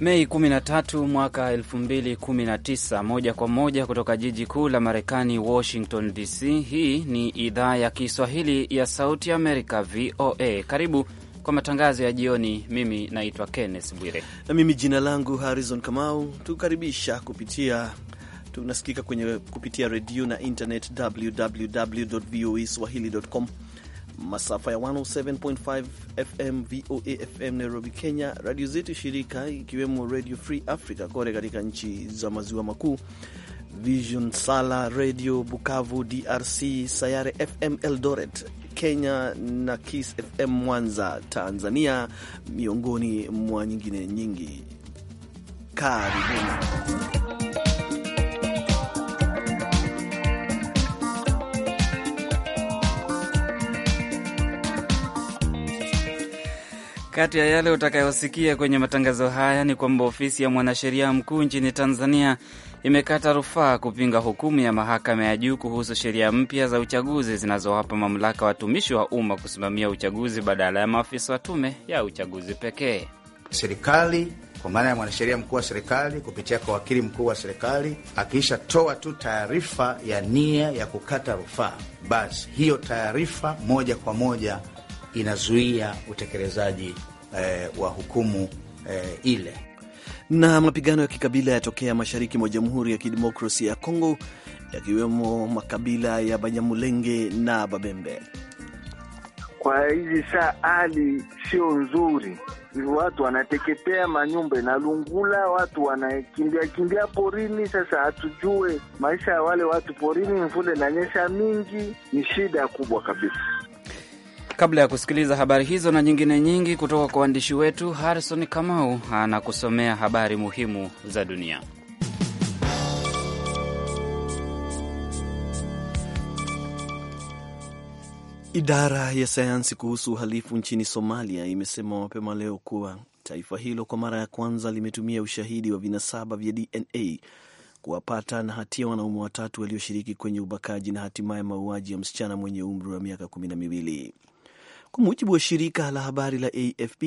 Mei 13 mwaka 2019, moja kwa moja kutoka jiji kuu la Marekani, Washington DC. Hii ni idhaa ya Kiswahili ya Sauti ya Amerika, VOA. Karibu kwa matangazo ya jioni. Mimi naitwa Kenneth Bwire na mimi jina langu Harrison Kamau. Tukaribisha kupitia tunasikika kwenye kupitia redio na internet, www voa swahili.com masafa ya 107.5 FM VOA FM Nairobi, Kenya, radio zetu shirika ikiwemo Radio Free Africa kote katika nchi za maziwa makuu, Vision Sala Radio Bukavu DRC, Sayare FM Eldoret Kenya na Kiss FM Mwanza Tanzania, miongoni mwa nyingine nyingi. Karibuni. Kati ya yale utakayosikia kwenye matangazo haya ni kwamba ofisi ya mwanasheria mkuu nchini Tanzania imekata rufaa kupinga hukumu ya mahakama ya juu kuhusu sheria mpya za uchaguzi zinazowapa mamlaka watumishi wa umma kusimamia uchaguzi badala ya maafisa wa tume ya uchaguzi pekee. Serikali kwa maana ya mwanasheria mkuu wa serikali kupitia kwa wakili mkuu wa serikali akiishatoa tu taarifa ya nia ya kukata rufaa, basi hiyo taarifa moja kwa moja inazuia utekelezaji eh, wa hukumu eh, ile. Na mapigano ya kikabila yatokea mashariki mwa Jamhuri ya Kidemokrasia ya Kongo, yakiwemo makabila ya Banyamulenge na Babembe. Kwa hizi saa hali sio nzuri, watu wanateketea, manyumba inalungula, watu wanakimbia kimbia porini. Sasa hatujue maisha ya wale watu porini, mvule na nyesha mingi, ni shida kubwa kabisa. Kabla ya kusikiliza habari hizo na nyingine nyingi kutoka kwa waandishi wetu, Harrison Kamau anakusomea habari muhimu za dunia. Idara ya sayansi kuhusu uhalifu nchini Somalia imesema mapema leo kuwa taifa hilo kwa mara ya kwanza limetumia ushahidi wa vinasaba vya DNA kuwapata na hatia wanaume watatu walioshiriki kwenye ubakaji na hatimaye mauaji ya msichana mwenye umri wa miaka kumi na miwili. Kwa mujibu wa shirika la habari la AFP,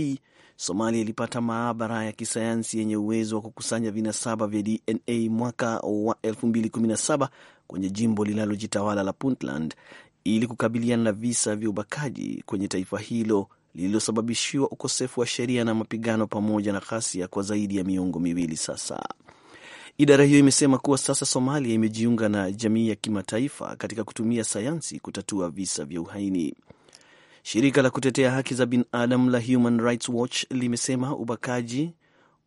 Somalia ilipata maabara ya kisayansi yenye uwezo wa kukusanya vinasaba vya DNA mwaka wa 2017 kwenye jimbo linalojitawala la Puntland ili kukabiliana na visa vya ubakaji kwenye taifa hilo lililosababishiwa ukosefu wa sheria na mapigano pamoja na ghasia kwa zaidi ya miongo miwili sasa. Idara hiyo imesema kuwa sasa Somalia imejiunga na jamii ya kimataifa katika kutumia sayansi kutatua visa vya uhaini. Shirika la kutetea haki za binadamu la Human Rights Watch limesema ubakaji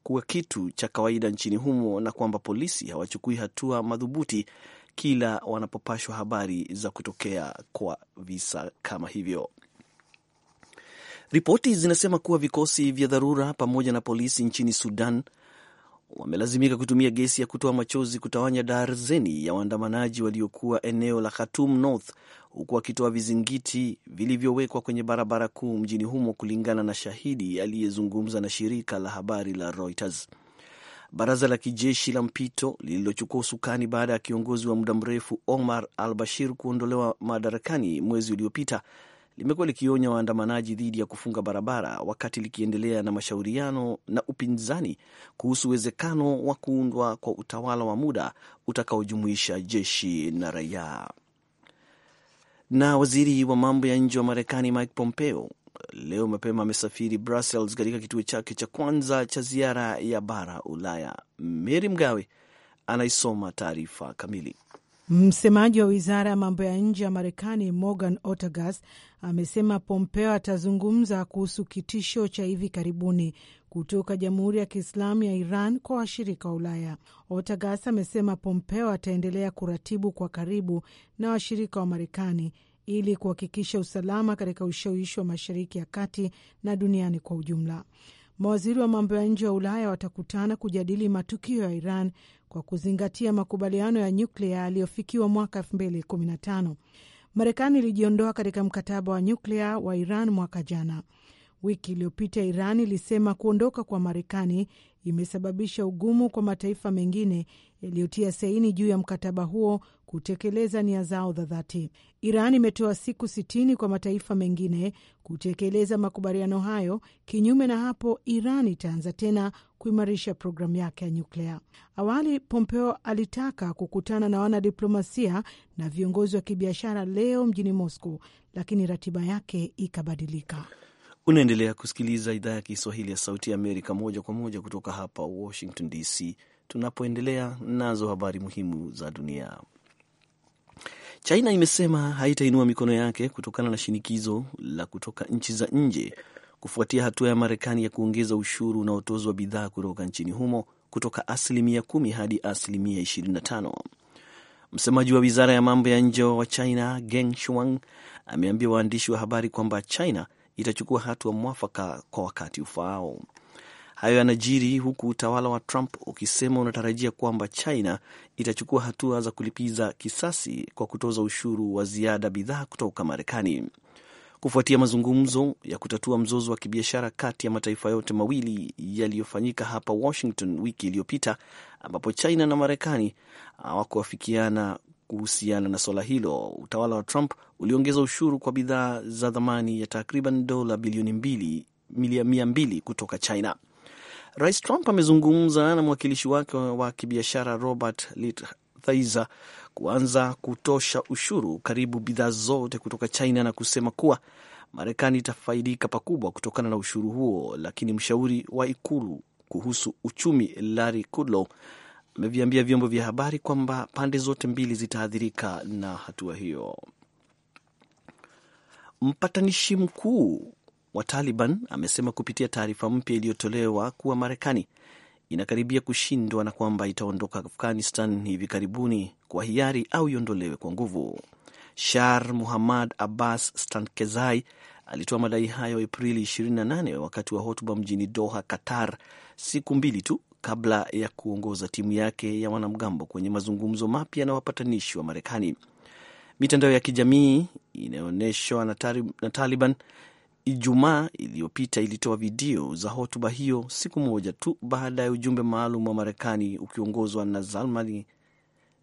kuwa kitu cha kawaida nchini humo na kwamba polisi hawachukui hatua madhubuti kila wanapopashwa habari za kutokea kwa visa kama hivyo. Ripoti zinasema kuwa vikosi vya dharura pamoja na polisi nchini Sudan wamelazimika kutumia gesi ya kutoa machozi kutawanya darzeni ya waandamanaji waliokuwa eneo la Khartoum North, huku wakitoa vizingiti vilivyowekwa kwenye barabara kuu mjini humo, kulingana na shahidi aliyezungumza na shirika la habari la Reuters. Baraza la kijeshi la mpito lililochukua usukani baada ya kiongozi wa muda mrefu Omar al Bashir kuondolewa madarakani mwezi uliopita limekuwa likionya waandamanaji dhidi ya kufunga barabara wakati likiendelea na mashauriano na upinzani kuhusu uwezekano wa kuundwa kwa utawala wa muda utakaojumuisha jeshi na raia. Na waziri wa mambo ya nje wa Marekani Mike Pompeo leo mapema amesafiri Brussels katika kituo chake cha kwanza cha ziara ya bara Ulaya. mery Mgawe anaisoma taarifa kamili. Msemaji wa wizara ya mambo ya nje ya Marekani Morgan Ortagus amesema Pompeo atazungumza kuhusu kitisho cha hivi karibuni kutoka Jamhuri ya Kiislamu ya Iran kwa washirika wa Ulaya. Ortagus amesema Pompeo ataendelea kuratibu kwa karibu na washirika wa Marekani ili kuhakikisha usalama katika ushawishi wa Mashariki ya Kati na duniani kwa ujumla mawaziri wa mambo ya nje wa Ulaya watakutana kujadili matukio ya Iran kwa kuzingatia makubaliano ya nyuklia yaliyofikiwa mwaka 2015. Marekani ilijiondoa katika mkataba wa nyuklia wa Iran mwaka jana. Wiki iliyopita Iran ilisema kuondoka kwa Marekani imesababisha ugumu kwa mataifa mengine yaliyotia saini juu ya mkataba huo kutekeleza nia zao za dhati. Iran imetoa siku sitini kwa mataifa mengine kutekeleza makubaliano hayo. Kinyume na hapo, Iran itaanza tena kuimarisha programu yake ya nyuklea. Awali, Pompeo alitaka kukutana na wanadiplomasia na viongozi wa kibiashara leo mjini Moscow, lakini ratiba yake ikabadilika. Unaendelea kusikiliza idhaa ya Kiswahili ya Sauti ya Amerika moja kwa moja kutoka hapa Washington DC, tunapoendelea nazo habari muhimu za dunia. China imesema haitainua mikono yake kutokana na shinikizo la kutoka nchi za nje kufuatia hatua ya Marekani ya kuongeza ushuru unaotozwa bidhaa kutoka nchini humo kutoka asilimia kumi hadi asilimia 25. Msemaji wa wizara ya mambo ya nje wa China Geng Shuang ameambia waandishi wa habari kwamba China itachukua hatua mwafaka kwa wakati ufaao. Hayo yanajiri huku utawala wa Trump ukisema unatarajia kwamba China itachukua hatua za kulipiza kisasi kwa kutoza ushuru wa ziada bidhaa kutoka Marekani kufuatia mazungumzo ya kutatua mzozo wa kibiashara kati ya mataifa yote mawili yaliyofanyika hapa Washington wiki iliyopita, ambapo China na Marekani hawakuafikiana Kuhusiana na swala hilo, utawala wa Trump uliongeza ushuru kwa bidhaa za thamani ya takriban dola bilioni mbili mia mbili kutoka China. Rais Trump amezungumza na mwakilishi wake wa kibiashara Robert Lighthizer kuanza kutosha ushuru karibu bidhaa zote kutoka China na kusema kuwa Marekani itafaidika pakubwa kutokana na ushuru huo, lakini mshauri wa ikulu kuhusu uchumi Larry Kudlow ameviambia vyombo vya habari kwamba pande zote mbili zitaathirika na hatua hiyo. Mpatanishi mkuu wa Taliban amesema kupitia taarifa mpya iliyotolewa kuwa Marekani inakaribia kushindwa na kwamba itaondoka Afghanistan hivi karibuni kwa hiari au iondolewe kwa nguvu. Shar Muhammad Abbas Stankezai alitoa madai hayo Aprili 28 wakati wa hotuba mjini Doha, Qatar, siku mbili tu kabla ya kuongoza timu yake ya wanamgambo kwenye mazungumzo mapya na wapatanishi wa Marekani. Mitandao ya kijamii inayoonyeshwa na Taliban Ijumaa iliyopita ilitoa video za hotuba hiyo siku moja tu baada ya ujumbe maalum wa Marekani ukiongozwa na Zalmani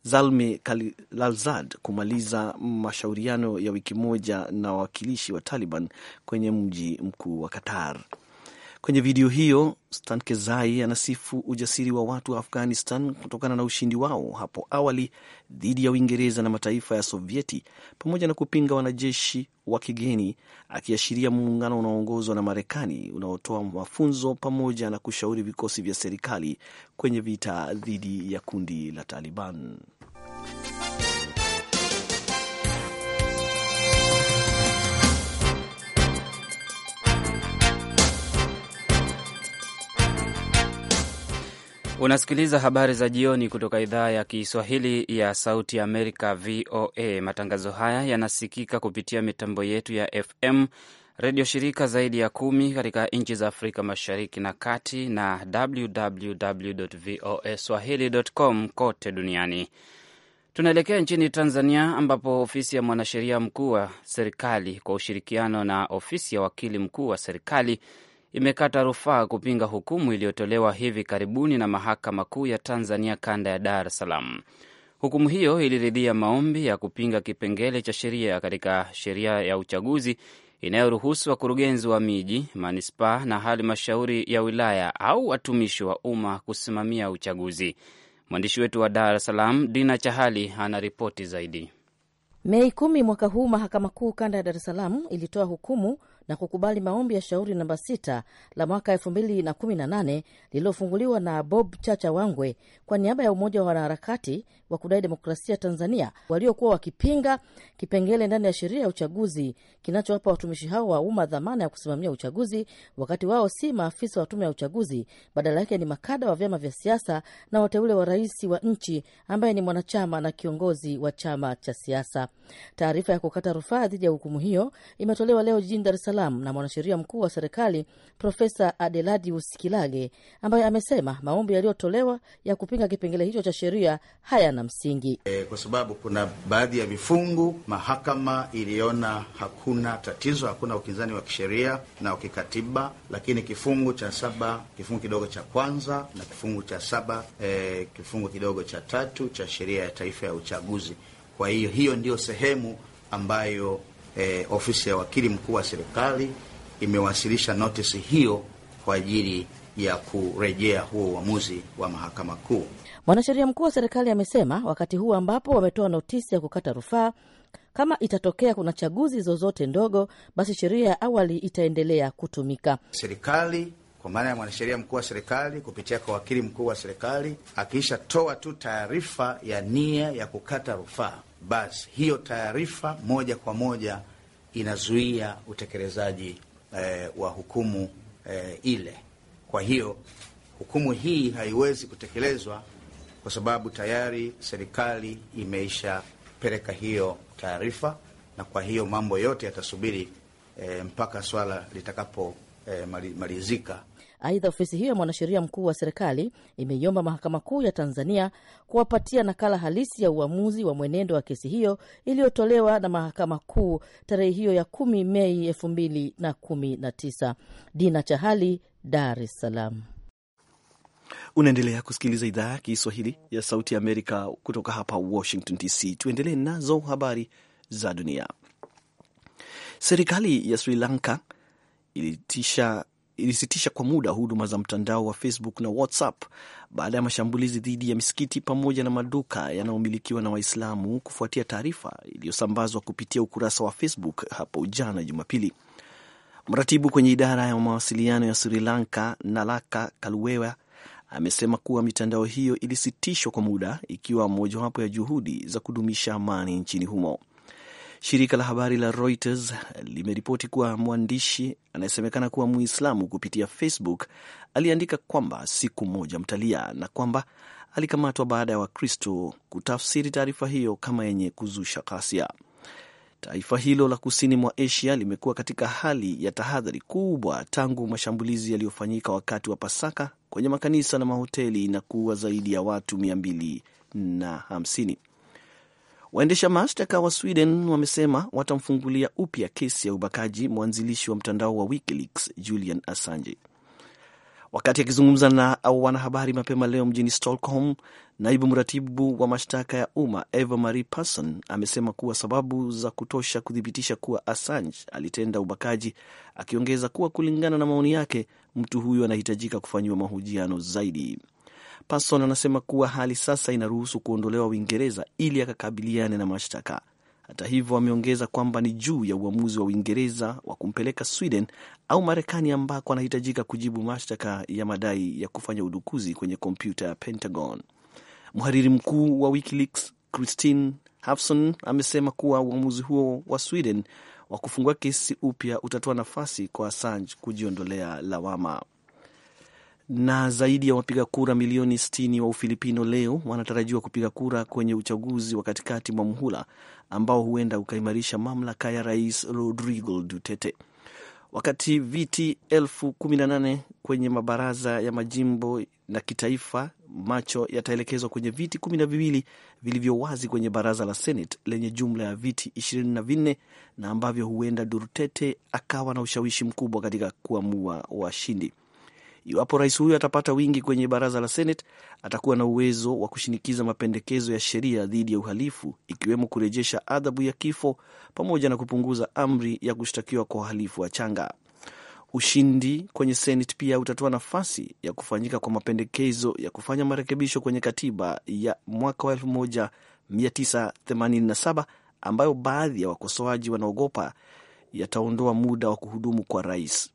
Zalmi Khalilzad kumaliza mashauriano ya wiki moja na wawakilishi wa Taliban kwenye mji mkuu wa Qatar. Kwenye video hiyo, Stan Kezai anasifu ujasiri wa watu wa Afghanistan kutokana na ushindi wao hapo awali dhidi ya Uingereza na mataifa ya Sovieti pamoja na kupinga wanajeshi wa kigeni, akiashiria muungano unaoongozwa na Marekani unaotoa mafunzo pamoja na kushauri vikosi vya serikali kwenye vita dhidi ya kundi la Taliban. Unasikiliza habari za jioni kutoka idhaa ya Kiswahili ya Sauti Amerika, VOA. Matangazo haya yanasikika kupitia mitambo yetu ya FM, redio shirika zaidi ya kumi katika nchi za Afrika Mashariki na Kati, na www voa swahili.com kote duniani. Tunaelekea nchini Tanzania, ambapo ofisi ya mwanasheria mkuu wa serikali kwa ushirikiano na ofisi ya wakili mkuu wa serikali imekata rufaa kupinga hukumu iliyotolewa hivi karibuni na mahakama kuu ya Tanzania kanda ya Dar es Salaam. Hukumu hiyo iliridhia maombi ya kupinga kipengele cha sheria katika sheria ya uchaguzi inayoruhusu wakurugenzi wa miji, manispaa na halmashauri ya wilaya au watumishi wa umma kusimamia uchaguzi. Mwandishi wetu wa Dar es Salaam, Dina Chahali, anaripoti zaidi. Mei kumi mwaka huu mahakama kuu kanda ya Dar es Salaam ilitoa hukumu na kukubali maombi ya shauri namba sita la mwaka elfu mbili na na kumi nane lililofunguliwa na Bob Chacha Wangwe kwa niaba ya umoja wa wanaharakati wa kudai demokrasia Tanzania waliokuwa wakipinga kipengele ndani ya sheria ya uchaguzi kinachowapa watumishi hao wa umma dhamana ya kusimamia uchaguzi, wakati wao si maafisa wa tume ya uchaguzi, badala yake ni makada wa vyama vya siasa na wateule wa rais wa nchi ambaye ni mwanachama na kiongozi wa chama cha siasa. Taarifa ya kukata rufaa dhidi ya hukumu hiyo imetolewa leo jijini Dar es Salaam na mwanasheria mkuu wa serikali Profesa adeladi usikilage ambaye amesema maombi yaliyotolewa ya kupinga kipengele hicho cha sheria hayana msingi e, kwa sababu kuna baadhi ya vifungu mahakama iliona hakuna tatizo, hakuna ukinzani wa kisheria na wa kikatiba, lakini kifungu cha saba kifungu kidogo cha kwanza na kifungu cha saba e, kifungu kidogo cha tatu cha sheria ya taifa ya uchaguzi. Kwa hiyo hiyo ndiyo sehemu ambayo eh, ofisi ya wakili mkuu wa serikali imewasilisha notisi hiyo kwa ajili ya kurejea huo uamuzi wa mahakama kuu. Mwanasheria mkuu wa serikali amesema wakati huu ambapo wametoa notisi ya kukata rufaa, kama itatokea kuna chaguzi zozote ndogo, basi sheria ya awali itaendelea kutumika. Serikali kwa maana ya mwanasheria mkuu wa serikali kupitia kwa wakili mkuu wa serikali akishatoa tu taarifa ya nia ya kukata rufaa basi hiyo taarifa moja kwa moja inazuia utekelezaji eh, wa hukumu eh, ile. Kwa hiyo hukumu hii haiwezi kutekelezwa kwa sababu tayari serikali imeishapeleka hiyo taarifa, na kwa hiyo mambo yote yatasubiri eh, mpaka swala litakapo eh, malizika. Aidha, ofisi hiyo ya mwanasheria mkuu wa serikali imeiomba mahakama kuu ya Tanzania kuwapatia nakala halisi ya uamuzi wa mwenendo wa kesi hiyo iliyotolewa na mahakama kuu tarehe hiyo ya kumi Mei elfu mbili na kumi na tisa. Dina Chahali, Dar es Salaam. Unaendelea kusikiliza idhaa ya Kiswahili ya Sauti ya Amerika kutoka hapa Washington DC. Tuendelee nazo habari za dunia. Serikali ya Sri Lanka ilitisha ilisitisha kwa muda huduma za mtandao wa Facebook na WhatsApp baada ya mashambulizi dhidi ya misikiti pamoja na maduka yanayomilikiwa na Waislamu kufuatia taarifa iliyosambazwa kupitia ukurasa wa Facebook hapo jana Jumapili. Mratibu kwenye idara ya mawasiliano ya Sri Lanka, Nalaka Kaluwewa, amesema kuwa mitandao hiyo ilisitishwa kwa muda ikiwa mojawapo ya juhudi za kudumisha amani nchini humo. Shirika la habari la Reuters limeripoti kuwa mwandishi anayesemekana kuwa Muislamu kupitia Facebook aliandika kwamba siku moja mtalia na kwamba alikamatwa baada ya Wakristo kutafsiri taarifa hiyo kama yenye kuzusha ghasia. Taifa hilo la kusini mwa Asia limekuwa katika hali ya tahadhari kubwa tangu mashambulizi yaliyofanyika wakati wa Pasaka kwenye makanisa na mahoteli na kuua zaidi ya watu 2 na hamsini. Waendesha mashtaka wa Sweden wamesema watamfungulia upya kesi ya ubakaji mwanzilishi wa mtandao wa WikiLeaks Julian Assange. Wakati akizungumza na wanahabari mapema leo mjini Stockholm, naibu mratibu wa mashtaka ya umma Eva Marie Persson amesema kuwa sababu za kutosha kuthibitisha kuwa Assange alitenda ubakaji, akiongeza kuwa kulingana na maoni yake, mtu huyo anahitajika kufanyiwa mahojiano zaidi. Pason anasema kuwa hali sasa inaruhusu kuondolewa Uingereza ili akakabiliane na mashtaka. Hata hivyo, ameongeza kwamba ni juu ya uamuzi wa Uingereza wa kumpeleka Sweden au Marekani, ambako anahitajika kujibu mashtaka ya madai ya kufanya udukuzi kwenye kompyuta ya Pentagon. Mhariri mkuu wa WikiLeaks Christine Hafson amesema kuwa uamuzi huo wa Sweden wa kufungua kesi upya utatoa nafasi kwa Assange kujiondolea lawama na zaidi ya wapiga kura milioni 60 wa Ufilipino leo wanatarajiwa kupiga kura kwenye uchaguzi wa katikati mwa muhula ambao huenda ukaimarisha mamlaka ya Rais Rodrigo Duterte. Wakati viti elfu kumi na nane kwenye mabaraza ya majimbo na kitaifa, macho yataelekezwa kwenye viti kumi na viwili vilivyo wazi kwenye baraza la Senate lenye jumla ya viti ishirini na vinne na ambavyo huenda Duterte akawa na ushawishi mkubwa katika kuamua washindi. Iwapo rais huyo atapata wingi kwenye baraza la Senate, atakuwa na uwezo wa kushinikiza mapendekezo ya sheria dhidi ya uhalifu, ikiwemo kurejesha adhabu ya kifo pamoja na kupunguza amri ya kushtakiwa kwa uhalifu wa changa Ushindi kwenye Senate pia utatoa nafasi ya kufanyika kwa mapendekezo ya kufanya marekebisho kwenye katiba ya mwaka wa 1987 ambayo baadhi ya wakosoaji wanaogopa yataondoa muda wa kuhudumu kwa rais.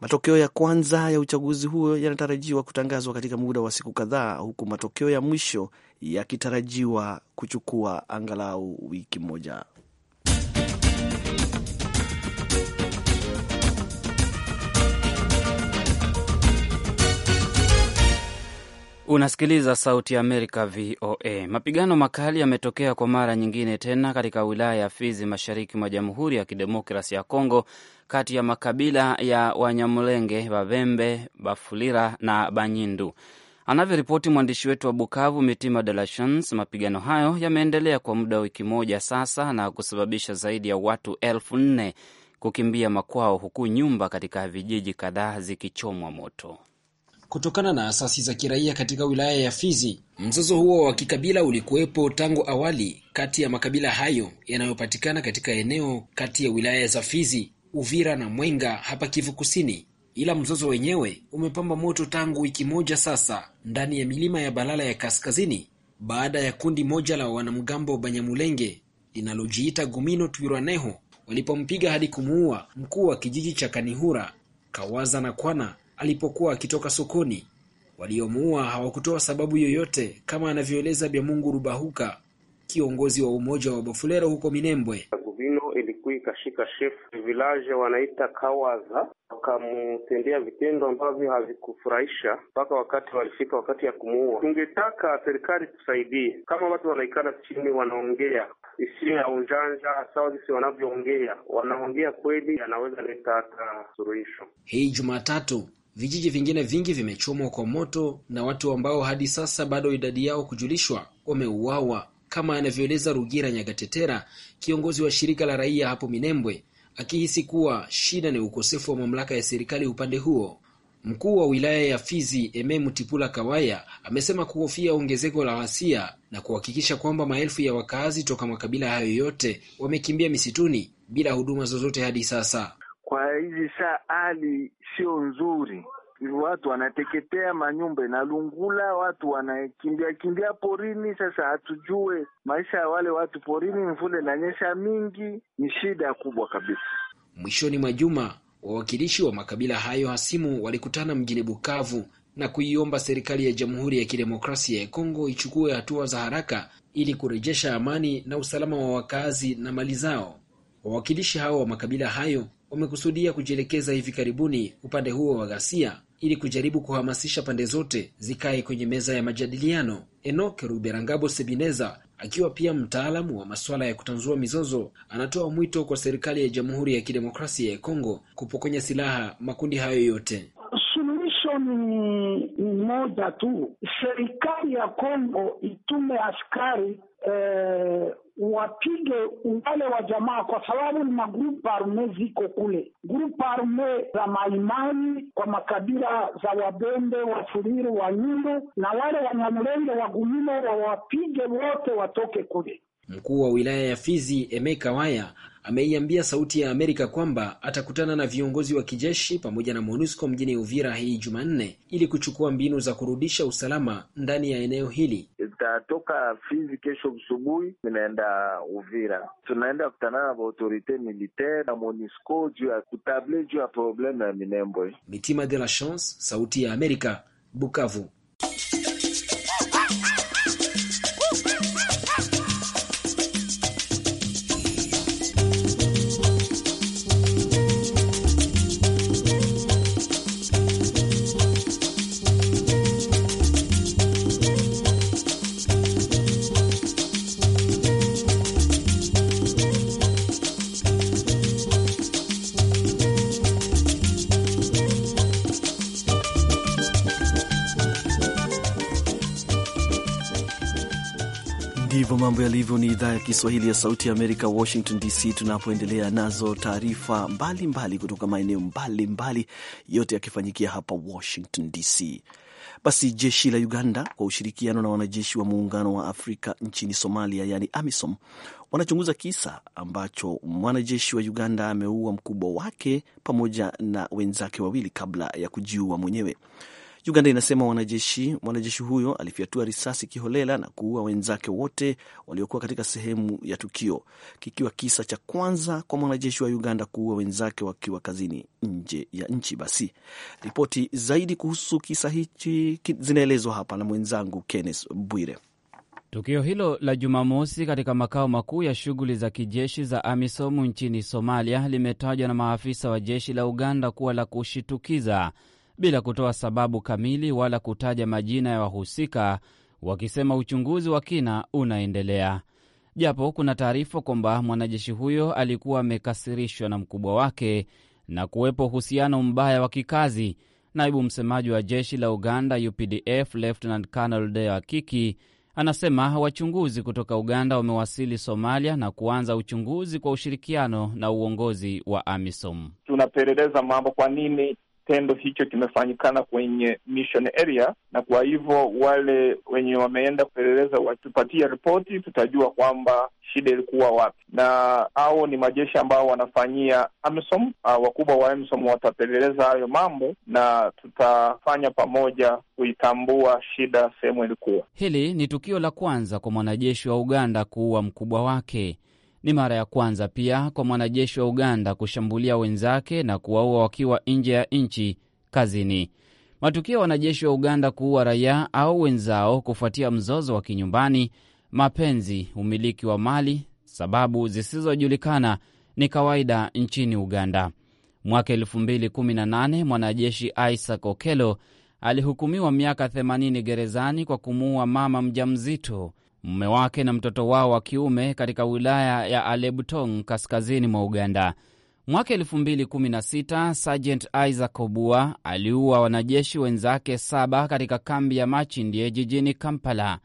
Matokeo ya kwanza ya uchaguzi huo yanatarajiwa kutangazwa katika muda wa siku kadhaa, huku matokeo ya mwisho yakitarajiwa kuchukua angalau wiki moja. Unasikiliza Sauti ya Amerika, VOA. Mapigano makali yametokea kwa mara nyingine tena katika wilaya ya Fizi, mashariki mwa Jamhuri ya Kidemokrasi ya Kongo, kati ya makabila ya Wanyamulenge, Bavembe, Bafulira na Banyindu. Anavyoripoti mwandishi wetu wa Bukavu, Mitima De La Chans, mapigano hayo yameendelea kwa muda wa wiki moja sasa na kusababisha zaidi ya watu elfu nne kukimbia makwao, huku nyumba katika vijiji kadhaa zikichomwa moto kutokana na asasi za kiraia katika wilaya ya Fizi. Mzozo huo wa kikabila ulikuwepo tangu awali kati ya makabila hayo yanayopatikana katika eneo kati ya wilaya za Fizi, Uvira na Mwenga hapa Kivu Kusini, ila mzozo wenyewe umepamba moto tangu wiki moja sasa ndani ya milima ya Balala ya Kaskazini baada ya kundi moja la wanamgambo wa Banyamulenge linalojiita Gumino Twirwaneho walipompiga hadi kumuua mkuu wa kijiji cha Kanihura Kawaza na Kwana alipokuwa akitoka sokoni. Waliomuua hawakutoa sababu yoyote, kama anavyoeleza Byamungu Rubahuka, kiongozi wa umoja wa Bafulero huko Minembwe. Guvino ilikuwa ikashika chef village wanaita Kawaza, wakamtendea vitendo ambavyo havikufurahisha mpaka wakati walifika wakati ya kumuua. Tungetaka serikali tusaidie, kama watu wanaikana chini wanaongea isiyo ya unjanja, sawa jinsi wanavyoongea, wanaongea kweli, anaweza leta hata suluhisho. Hii Jumatatu Vijiji vingine vingi vimechomwa kwa moto na watu ambao hadi sasa bado idadi yao kujulishwa wameuawa, kama anavyoeleza Rugira Nyagatetera, kiongozi wa shirika la raia hapo Minembwe, akihisi kuwa shida ni ukosefu wa mamlaka ya serikali upande huo. Mkuu wa wilaya ya Fizi Eme Mutipula Kawaya amesema kuhofia ongezeko la ghasia na kuhakikisha kwamba maelfu ya wakaazi toka makabila hayo yote wamekimbia misituni bila huduma zozote hadi sasa. Kwa hizi saa hali sio nzuri, watu wanateketea, manyumba inalungula, watu wanakimbia kimbia porini. Sasa hatujue maisha ya wale watu porini, mvule na nyesha mingi, ni shida kubwa kabisa. Mwishoni mwa juma wawakilishi wa makabila hayo hasimu walikutana mjini Bukavu na kuiomba serikali ya Jamhuri ya Kidemokrasia ya Kongo ichukue hatua za haraka ili kurejesha amani na usalama wa wakazi na mali zao. Wawakilishi hao wa makabila hayo wamekusudia kujielekeza hivi karibuni upande huo wa ghasia ili kujaribu kuhamasisha pande zote zikae kwenye meza ya majadiliano. enok Ruberangabo Sebineza akiwa pia mtaalamu wa masuala ya kutanzua mizozo anatoa mwito kwa serikali ya Jamhuri ya Kidemokrasia ya Kongo kupokonya silaha makundi hayo yote. Suluhisho ni moja tu, serikali ya Kongo itume askari eh, wapige wale wa jamaa, kwa sababu ni magrupu arme ziko kule, grupu arme za maimani kwa makabila za Wabembe, Wafuliru, nyundu na wale Wanyamulenge, gunyuma, wawapige wote watoke kule. Mkuu wa wilaya ya Fizi Emeka Waya ameiambia Sauti ya Amerika kwamba atakutana na viongozi wa kijeshi pamoja na MONUSCO mjini Uvira hii Jumanne ili kuchukua mbinu za kurudisha usalama ndani ya eneo hili. Itatoka Fizi kesho asubuhi, inaenda Uvira. Tunaenda kutanana na autorite militaire na MONUSCO juu ya kutable juu ya problemu ya Minembwe. Mitima de la Chance, Sauti ya Amerika, Bukavu. mambo yalivyo. Ni idhaa ya Kiswahili ya Sauti ya Amerika, Washington DC, tunapoendelea nazo taarifa mbalimbali kutoka maeneo mbalimbali, yote yakifanyikia hapa Washington DC. Basi jeshi la Uganda kwa ushirikiano na wanajeshi wa Muungano wa Afrika nchini Somalia, yaani AMISOM, wanachunguza kisa ambacho mwanajeshi wa Uganda ameua mkubwa wake pamoja na wenzake wawili kabla ya kujiua mwenyewe. Uganda inasema wanajeshi mwanajeshi huyo alifyatua risasi kiholela na kuua wenzake wote waliokuwa katika sehemu ya tukio, kikiwa kisa cha kwanza kwa mwanajeshi wa Uganda kuua wenzake wakiwa kazini nje ya nchi. Basi ripoti zaidi kuhusu kisa hichi zinaelezwa hapa na mwenzangu Kenneth Bwire. Tukio hilo la Jumamosi katika makao makuu ya shughuli za kijeshi za AMISOM nchini Somalia limetajwa na maafisa wa jeshi la Uganda kuwa la kushitukiza bila kutoa sababu kamili wala kutaja majina ya wahusika, wakisema uchunguzi wa kina unaendelea, japo kuna taarifa kwamba mwanajeshi huyo alikuwa amekasirishwa na mkubwa wake na kuwepo uhusiano mbaya wa kikazi. Naibu msemaji wa jeshi la Uganda UPDF Lieutenant Colonel Deo Akiki anasema wachunguzi kutoka Uganda wamewasili Somalia na kuanza uchunguzi kwa ushirikiano na uongozi wa AMISOM. Tunapeleleza mambo, kwa nini kitendo hicho kimefanyikana kwenye mission area, na kwa hivyo wale wenye wameenda kupeleleza watupatie ripoti, tutajua kwamba shida ilikuwa wapi. Na hao ni majeshi ambao wanafanyia AMISOM. Ah, wakubwa wa AMISOM watapeleleza hayo mambo, na tutafanya pamoja kuitambua shida sehemu ilikuwa. Hili ni tukio la kwanza kwa mwanajeshi wa Uganda kuua mkubwa wake. Ni mara ya kwanza pia kwa mwanajeshi wa Uganda kushambulia wenzake na kuwaua wakiwa nje ya nchi kazini. Matukio ya wanajeshi wa Uganda kuua raia au wenzao kufuatia mzozo wa kinyumbani, mapenzi, umiliki wa mali, sababu zisizojulikana ni kawaida nchini Uganda. Mwaka 2018 mwanajeshi Isaac Okelo alihukumiwa miaka 80 gerezani kwa kumuua mama mjamzito mume wake na mtoto wao wa kiume katika wilaya ya alebtong kaskazini mwa Uganda. Mwaka 2016 Sergeant Isaac Obua aliua wanajeshi wenzake saba katika kambi ya Machindie jijini Kampala,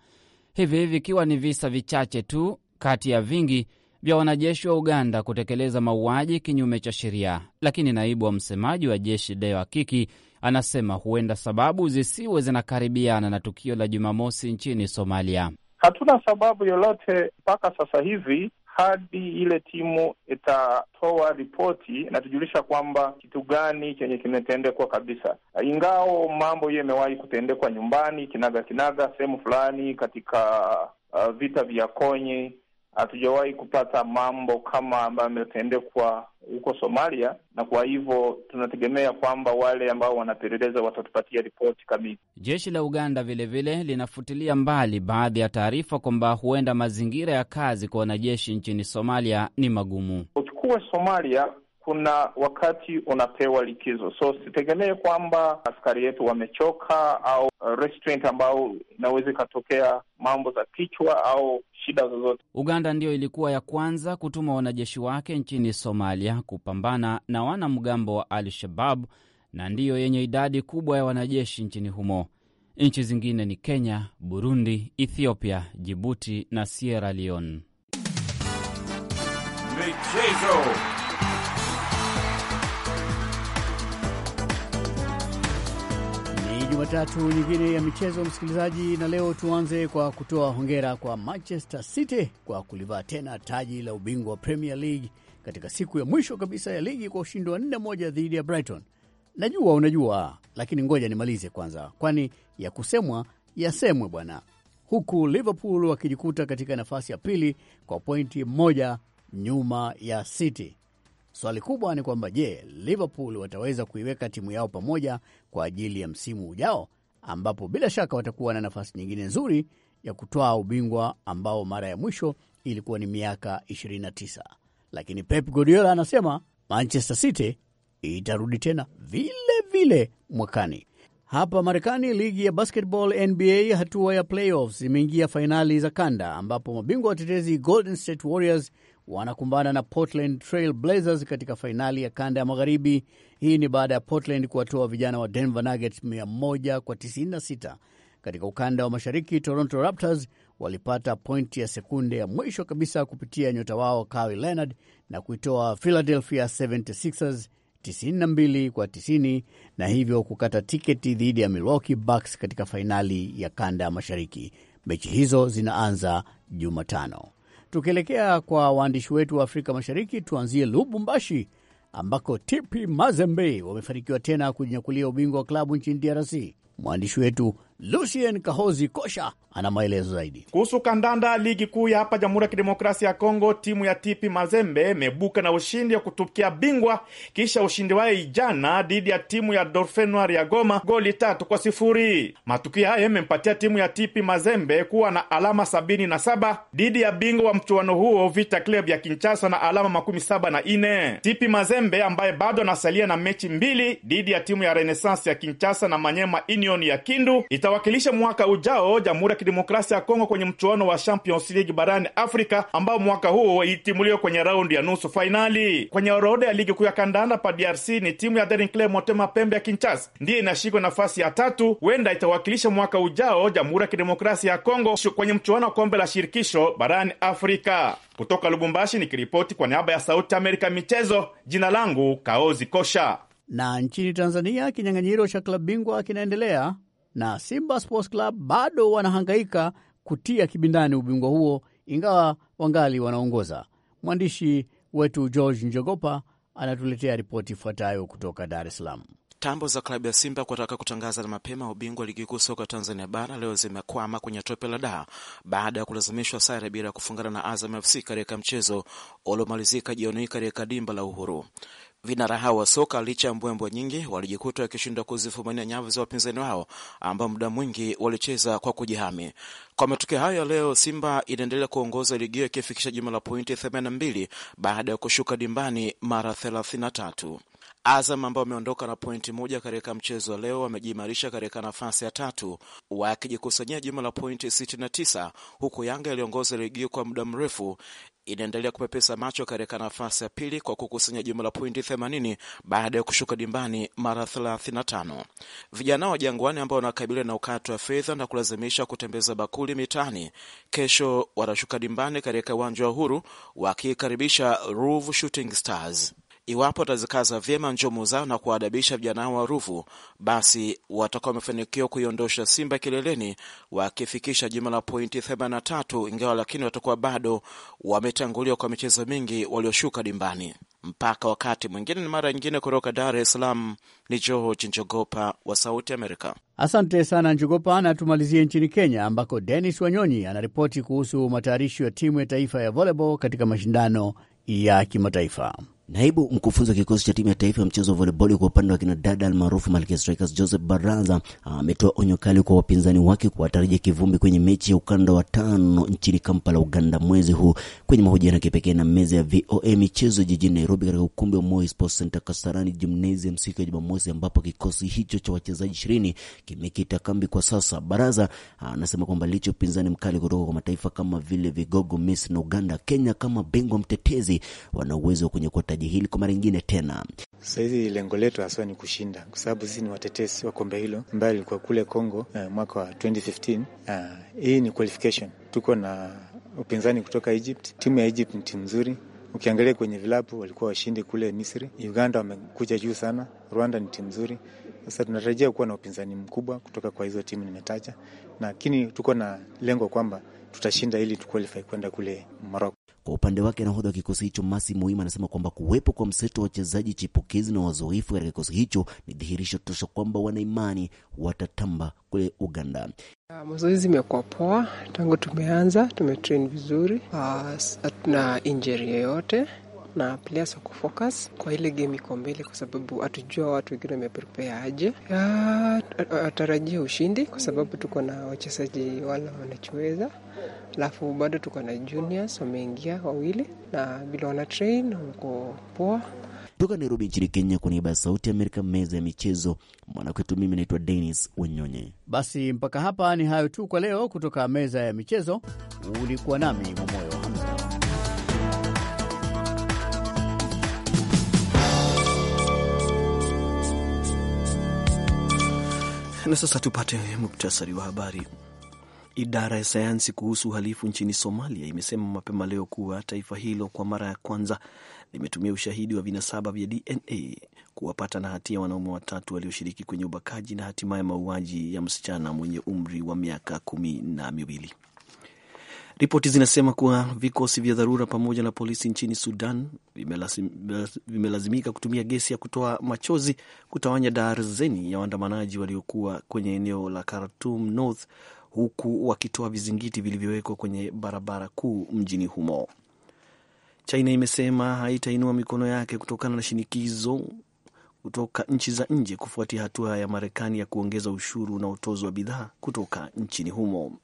hivi vikiwa ni visa vichache tu kati ya vingi vya wanajeshi wa Uganda kutekeleza mauaji kinyume cha sheria. Lakini naibu wa msemaji wa jeshi Deo Akiki anasema huenda sababu zisiwe zinakaribiana na tukio la Jumamosi nchini Somalia. Hatuna sababu yoyote mpaka sasa hivi hadi ile timu itatoa ripoti na tujulisha kwamba kitu gani chenye kimetendekwa kabisa. Ingao mambo hiyo imewahi kutendekwa nyumbani kinaga kinaga, sehemu fulani katika uh, vita vya Konye hatujawahi kupata mambo kama ambayo ametendekwa huko Somalia, na kwa hivyo tunategemea kwamba wale ambao wanapeleleza watatupatia ripoti kamili. Jeshi la Uganda vilevile vile linafutilia mbali baadhi ya taarifa kwamba huenda mazingira ya kazi kwa wanajeshi nchini Somalia ni magumu. Uchukue Somalia kuna wakati unapewa likizo, so sitegemee kwamba askari yetu wamechoka au uh, restraint ambao inaweza ikatokea mambo za kichwa au shida zozote. Uganda ndiyo ilikuwa ya kwanza kutuma wanajeshi wake nchini Somalia kupambana na wanamgambo wa Al Shabab na ndiyo yenye idadi kubwa ya wanajeshi nchini humo. Nchi zingine ni Kenya, Burundi, Ethiopia, Jibuti na Sierra Leone. Michezo. Jumatatu nyingine ya michezo, msikilizaji, na leo tuanze kwa kutoa hongera kwa Manchester City kwa kulivaa tena taji la ubingwa wa Premier League katika siku ya mwisho kabisa ya ligi kwa ushindi wa nne moja dhidi ya Brighton. Najua unajua, lakini ngoja nimalize kwanza, kwani ya kusemwa yasemwe bwana, huku Liverpool wakijikuta katika nafasi ya pili kwa pointi moja nyuma ya City. Swali kubwa ni kwamba je, Liverpool wataweza kuiweka timu yao pamoja kwa ajili ya msimu ujao, ambapo bila shaka watakuwa na nafasi nyingine nzuri ya kutwaa ubingwa ambao mara ya mwisho ilikuwa ni miaka 29. Lakini Pep Guardiola anasema Manchester City itarudi tena vile vile mwakani. Hapa Marekani, ligi ya basketball NBA hatua ya playoffs imeingia fainali za kanda, ambapo mabingwa watetezi Golden State Warriors wanakumbana na Portland Trail Blazers katika fainali ya kanda ya magharibi. Hii ni baada ya Portland kuwatoa vijana wa Denver Nuggets 100 kwa 96. Katika ukanda wa mashariki, Toronto Raptors walipata pointi ya sekunde ya mwisho kabisa kupitia nyota wao Kawhi Leonard na kuitoa Philadelphia 76ers 92 kwa 90 na hivyo kukata tiketi dhidi ya Milwaukee Bucks katika fainali ya kanda ya mashariki. Mechi hizo zinaanza Jumatano. Tukielekea kwa waandishi wetu wa Afrika Mashariki, tuanzie Lubumbashi ambako TP Mazembe wamefanikiwa tena kujinyakulia ubingwa wa klabu nchini DRC. Mwandishi wetu Lucien Kahozi Kosha ana maelezo zaidi kuhusu kandanda ligi kuu ya hapa Jamhuri ya Kidemokrasia ya Kongo. Timu ya TP Mazembe imebuka na ushindi wa kutupikia bingwa kisha ushindi waye ijana dhidi ya timu ya Dorfe Noir ya Goma goli tatu kwa sifuri. Matukio haya yamempatia timu ya TP Mazembe kuwa na alama sabini na saba dhidi ya bingwa wa mchuano huo Vita Club ya kinchasa na alama makumi saba na ine. TP Mazembe ambaye bado anasalia na mechi mbili dhidi ya timu ya Renaissance ya kinchasa na Manyema Union ya Kindu ita itawakilisha mwaka ujao Jamhuri ya Kidemokrasia ya Kongo kwenye mchuano wa Champions League barani Afrika ambao mwaka huo itimuliwe kwenye raundi ya nusu fainali. Kwenye orodha ya ligi kuu ya kandanda pa DRC ni timu ya Daring Club Motema Pembe ya Kinshasa ndiye inashikwa nafasi ya tatu, huenda itawakilisha mwaka ujao Jamhuri ya Kidemokrasia ya Kongo kwenye mchuano wa kombe la shirikisho barani Afrika. Kutoka Lubumbashi nikiripoti kwa niaba ya Sauti Amerika michezo, jina langu Kaozi Kosha. Na nchini Tanzania, kinyang'anyiro cha klabu bingwa kinaendelea na Simba Sports Club bado wanahangaika kutia kibindani ubingwa huo, ingawa wangali wanaongoza. Mwandishi wetu George Njogopa anatuletea ripoti ifuatayo kutoka Dar es Salaam. Tambo za klabu ya Simba kutaka kutangaza na mapema ubingwa ligi kuu soka Tanzania bara leo zimekwama kwenye tope la daa baada ya kulazimishwa sare bila kufungana na Azam FC katika mchezo uliomalizika jioni katika dimba la Uhuru. Vinara hao wa soka licha ya mbwembwe nyingi walijikuta wakishindwa kuzifumania nyavu za wapinzani wao ambao muda mwingi walicheza kwa kujihami. Kwa matokeo hayo ya leo, Simba inaendelea kuongoza ligio ikifikisha jumla la pointi 82 baada ya kushuka dimbani mara 33. Azam ambao wameondoka na pointi moja katika mchezo wa leo wamejiimarisha katika nafasi ya tatu wakijikusanyia jumla la pointi 69, huku Yanga yaliongoza ligi kwa muda mrefu inaendelea kupepesa macho katika nafasi ya pili kwa kukusanya jumla pointi 80 baada ya kushuka dimbani mara 35. Vijana wa Jangwani ambao wanakabiliwa na ukato wa fedha na kulazimisha kutembeza bakuli mitaani, kesho watashuka dimbani katika uwanja wa Uhuru wakikaribisha Ruvu Shooting Stars. Iwapo watazikaza vyema njumu zao na kuwaadabisha vijana hao maarufu, basi watakuwa wamefanikiwa kuiondosha Simba kileleni, wakifikisha jumla la pointi 83, ingawa lakini watakuwa bado wametanguliwa kwa michezo mingi walioshuka dimbani. Mpaka wakati mwingine na mara nyingine, kutoka Dar es Salaam ni George Njogopa wa Sauti Amerika. Asante sana Njogopa, na tumalizie nchini Kenya ambako Denis Wanyonyi anaripoti kuhusu matayarisho ya timu ya taifa ya volleyball katika mashindano ya kimataifa. Naibu mkufunzi wa kikosi cha timu ya taifa ya mchezo wa voleboli kwa upande wa kinadada almaarufu Malkia Strikers Joseph Baranza ametoa onyo kali kwa wapinzani wake kuwatarajia kivumbi kwenye mechi ya ukanda wa tano nchini Kampala, Uganda mwezi huu. Kwenye mahojiano ya kipekee na meza ya VOA michezo jijini Nairobi, katika ukumbi wa Moi Sports Center Kasarani Gymnasium siku ya Jumamosi, ambapo kikosi hicho cha wachezaji ishirini kimekita kambi kwa sasa, Baraza anasema kwamba licha upinzani mkali kutoka kwa mataifa kama vile vigogo Misri na Uganda, Kenya kama bingwa mtetezi wana uwezo wa kunyakua taji hili kwa mara nyingine tena. Sasa hizi lengo letu haswa ni kushinda, kwa sababu sisi ni watetesi wa kombe hilo ambayo ilikuwa kule congo eh, mwaka wa 2015 uh, ah, hii ni qualification. Tuko na upinzani kutoka Egypt. Timu ya Egypt ni timu nzuri ukiangalia kwenye vilabu walikuwa washindi kule Misri. Uganda wamekuja juu sana. Rwanda ni timu nzuri. Sasa tunatarajia kuwa na upinzani mkubwa kutoka kwa hizo timu nimetaja, lakini tuko na lengo kwamba tutashinda ili tuqualify kwenda kule Morocco. Kwa upande wake nahodha wa kikosi hicho Masi Muhimu anasema kwamba kuwepo kwa mseto wa wachezaji chipukizi na wazoefu katika kikosi hicho ni dhihirisho tosha kwamba wanaimani watatamba kule Uganda. Ah, mazoezi imekuwa poa tangu tumeanza, tumetrain vizuri, hatuna ah, injeri yoyote na players wako focus kwa ile game iko mbele, kwa sababu hatujua watu wengine wameprepare aje. Atarajia ushindi kwa sababu tuko na wachezaji wala wanachoweza, alafu bado tuko na juniors wameingia wawili na bila wana train wako poa. Kutoka Nairobi nchini Kenya, kwa niaba ya Sauti ya Amerika, meza ya michezo, mwanakwetu, mimi naitwa Denis Wenyonye. Basi mpaka hapa ni hayo tu kwa leo, kutoka meza ya michezo. Ulikuwa nami Momoyo Hamza. Na sasa tupate muktasari wa habari. Idara ya sayansi kuhusu uhalifu nchini Somalia imesema mapema leo kuwa taifa hilo kwa mara ya kwanza limetumia ushahidi wa vinasaba vya DNA kuwapata na hatia wanaume watatu walioshiriki kwenye ubakaji na hatimaye mauaji ya msichana mwenye umri wa miaka kumi na miwili. Ripoti zinasema kuwa vikosi vya dharura pamoja na polisi nchini Sudan vimelazimika kutumia gesi ya kutoa machozi kutawanya darzeni ya waandamanaji waliokuwa kwenye eneo la Khartoum North, huku wakitoa vizingiti vilivyowekwa kwenye barabara kuu mjini humo. China imesema haitainua mikono yake kutokana na shinikizo kutoka nchi za nje kufuatia hatua ya Marekani ya kuongeza ushuru unaotozwa bidhaa kutoka nchini humo.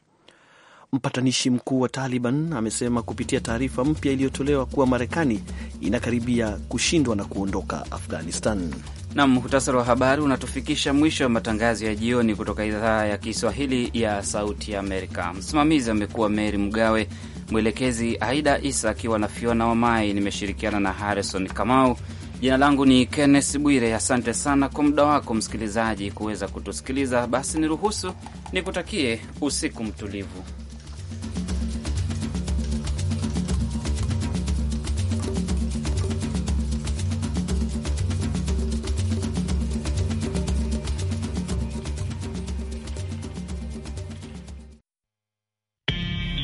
Mpatanishi mkuu wa Taliban amesema kupitia taarifa mpya iliyotolewa kuwa Marekani inakaribia kushindwa na kuondoka Afghanistan. nam muhtasari wa habari unatufikisha mwisho wa matangazo ya jioni kutoka idhaa ya Kiswahili ya Sauti ya Amerika. Msimamizi amekuwa Meri Mgawe, mwelekezi Aida Isa akiwa na Fiona Wamai. Nimeshirikiana na Harrison Kamau. Jina langu ni Kenneth Bwire. Asante sana kwa muda wako msikilizaji kuweza kutusikiliza. Basi niruhusu nikutakie usiku mtulivu.